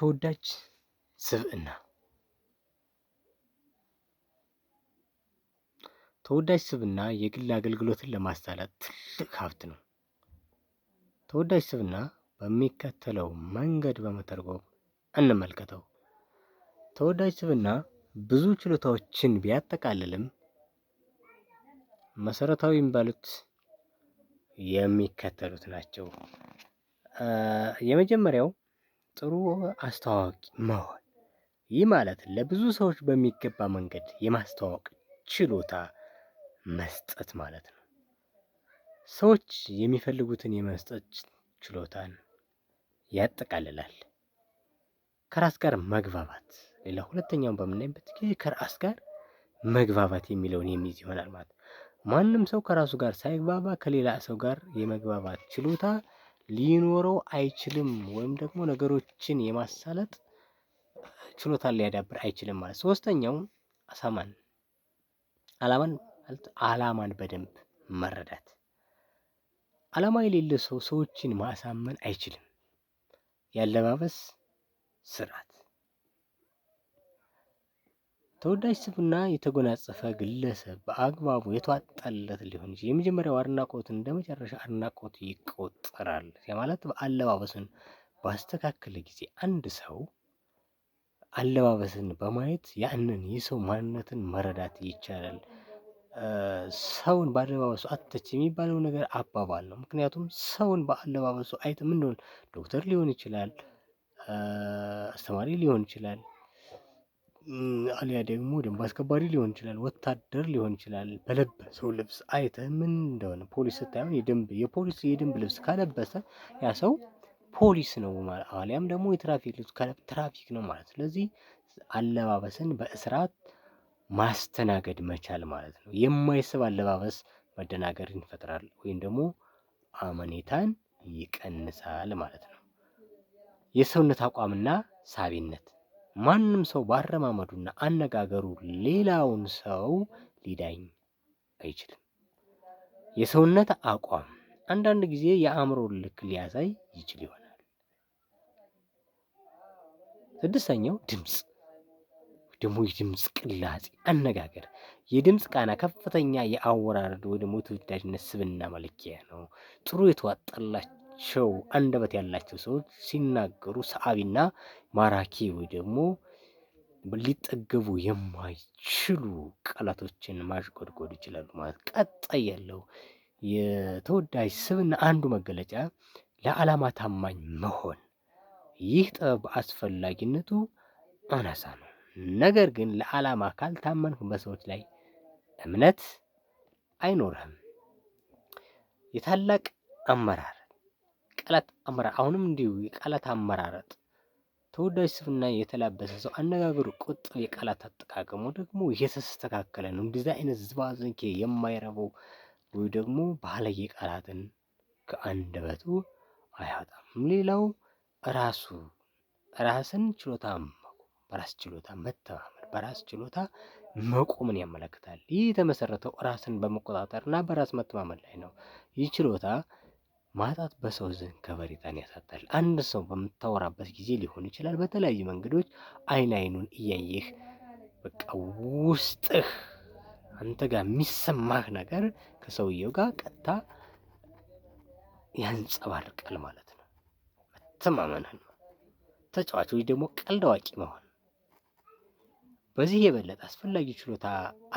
ተወዳጅ ስብዕና ተወዳጅ ስብዕና የግል አገልግሎትን ለማሳለጥ ትልቅ ሀብት ነው። ተወዳጅ ስብዕና በሚከተለው መንገድ በመተርጎም እንመልከተው። ተወዳጅ ስብዕና ብዙ ችሎታዎችን ቢያጠቃልልም መሰረታዊ የሚባሉት የሚከተሉት ናቸው። የመጀመሪያው ጥሩ አስተዋዋቂ መሆን ይህ ማለት ለብዙ ሰዎች በሚገባ መንገድ የማስተዋወቅ ችሎታ መስጠት ማለት ነው። ሰዎች የሚፈልጉትን የመስጠት ችሎታን ያጠቃልላል። ከራስ ጋር መግባባት ሌላ ሁለተኛውን በምናይበት ጊዜ ከራስ ጋር መግባባት የሚለውን የሚይዝ ይሆናል ማለት ነው። ማንም ሰው ከራሱ ጋር ሳይግባባ ከሌላ ሰው ጋር የመግባባት ችሎታ ሊኖረው አይችልም ወይም ደግሞ ነገሮችን የማሳለጥ ችሎታ ሊያዳብር አይችልም ማለት። ሶስተኛው አሳማን አላማን አላማን በደንብ መረዳት። አላማ የሌለ ሰው ሰዎችን ማሳመን አይችልም። የአለባበስ ስርዓት ተወዳጅ ስብና የተጎናጸፈ ግለሰብ በአግባቡ የተዋጣለት ሊሆን ይችላል። የመጀመሪያው አድናቆት እንደ መጨረሻ አድናቆት ይቆጠራል። ማለት በአለባበስን ባስተካከለ ጊዜ አንድ ሰው አለባበስን በማየት ያንን የሰው ማንነትን መረዳት ይቻላል። ሰውን በአለባበሱ አተች የሚባለው ነገር አባባል ነው። ምክንያቱም ሰውን በአለባበሱ አይተ ምን ዶክተር ሊሆን ይችላል፣ አስተማሪ ሊሆን ይችላል አልያ ደግሞ ደንብ አስከባሪ ሊሆን ይችላል፣ ወታደር ሊሆን ይችላል። በለበሰው ልብስ አይተህ ምን እንደሆነ ፖሊስ ስታይሆን የደንብ የፖሊስ የደንብ ልብስ ከለበሰ ያ ሰው ፖሊስ ነው ማለት አሊያም ደግሞ የትራፊክ ልብስ ትራፊክ ነው ማለት። ስለዚህ አለባበስን በእስራት ማስተናገድ መቻል ማለት ነው። የማይስብ አለባበስ መደናገር ይፈጥራል ወይም ደግሞ አመኔታን ይቀንሳል ማለት ነው። የሰውነት አቋምና ሳቢነት ማንም ሰው በአረማመዱና አነጋገሩ ሌላውን ሰው ሊዳኝ አይችልም። የሰውነት አቋም አንዳንድ ጊዜ የአእምሮን ልክ ሊያሳይ ይችል ይሆናል። ስድስተኛው ድምፅ ደግሞ የድምፅ ቅላጼ አነጋገር የድምፅ ቃና ከፍተኛ የአወራረድ ወይ ደግሞ የተወዳጅነት ስብና መለኪያ ነው። ጥሩ የተዋጣላቸው ቸው አንደበት ያላቸው ሰዎች ሲናገሩ ሰዓቢና ማራኪ ወይ ደግሞ ሊጠገቡ የማይችሉ ቃላቶችን ማሽጎድጎድ ይችላሉ ማለት። ቀጣይ ያለው የተወዳጅ ስብዕና አንዱ መገለጫ ለዓላማ ታማኝ መሆን። ይህ ጥበብ አስፈላጊነቱ አናሳ ነው። ነገር ግን ለዓላማ ካልታመንክ በሰዎች ላይ እምነት አይኖርህም። የታላቅ አመራር የቃላት አመራር አሁንም እንዲሁ የቃላት አመራረጥ ተወዳጅ ስብዕና የተላበሰ ሰው አነጋገሩ ቁጥብ፣ የቃላት አጠቃቀሙ ደግሞ የተስተካከለ ነው። እንደዚህ አይነት ዝባዝንኬ የማይረበው ወይ ደግሞ ባህላዊ ቃላትን ከአንደበቱ አያወጣም። ሌላው ራሱ ራስን ችሎታ በራስ ችሎታ መተማመን በራስ ችሎታ መቆምን ያመለክታል። ይህ የተመሰረተው ራስን በመቆጣጠር እና በራስ መተማመን ላይ ነው። ይህ ችሎታ ማጣት በሰው ዘንድ ከበሬታን ያሳጣል። አንድ ሰው በምታወራበት ጊዜ ሊሆን ይችላል፣ በተለያዩ መንገዶች አይን አይኑን እያየህ በቃ ውስጥህ አንተ ጋር የሚሰማህ ነገር ከሰውየው ጋር ቀጥታ ያንጸባርቃል ማለት ነው። መተማመንህን ተጫዋቾች ደግሞ ቀልድ አዋቂ መሆን በዚህ የበለጠ አስፈላጊ ችሎታ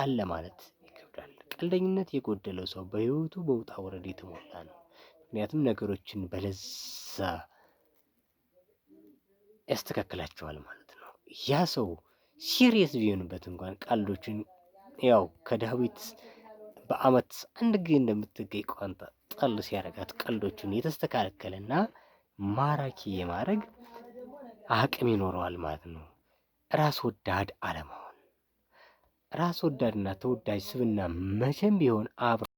አለ ማለት ይከብዳል። ቀልደኝነት የጎደለው ሰው በህይወቱ በውጣ ውረድ የተሞላ ነው። ምክንያቱም ነገሮችን በለዛ ያስተካክላቸዋል ማለት ነው። ያ ሰው ሲሪየስ ቢሆንበት እንኳን ቀልዶችን ያው ከዳዊት በአመት አንድ ጊዜ እንደምትገኝ ቋንጣ ጠል ሲያደርጋት ቀልዶቹን የተስተካከለና ማራኪ የማድረግ አቅም ይኖረዋል ማለት ነው። ራስ ወዳድ አለመሆን። ራስ ወዳድና ተወዳጅ ስብና መቼም ቢሆን አብረ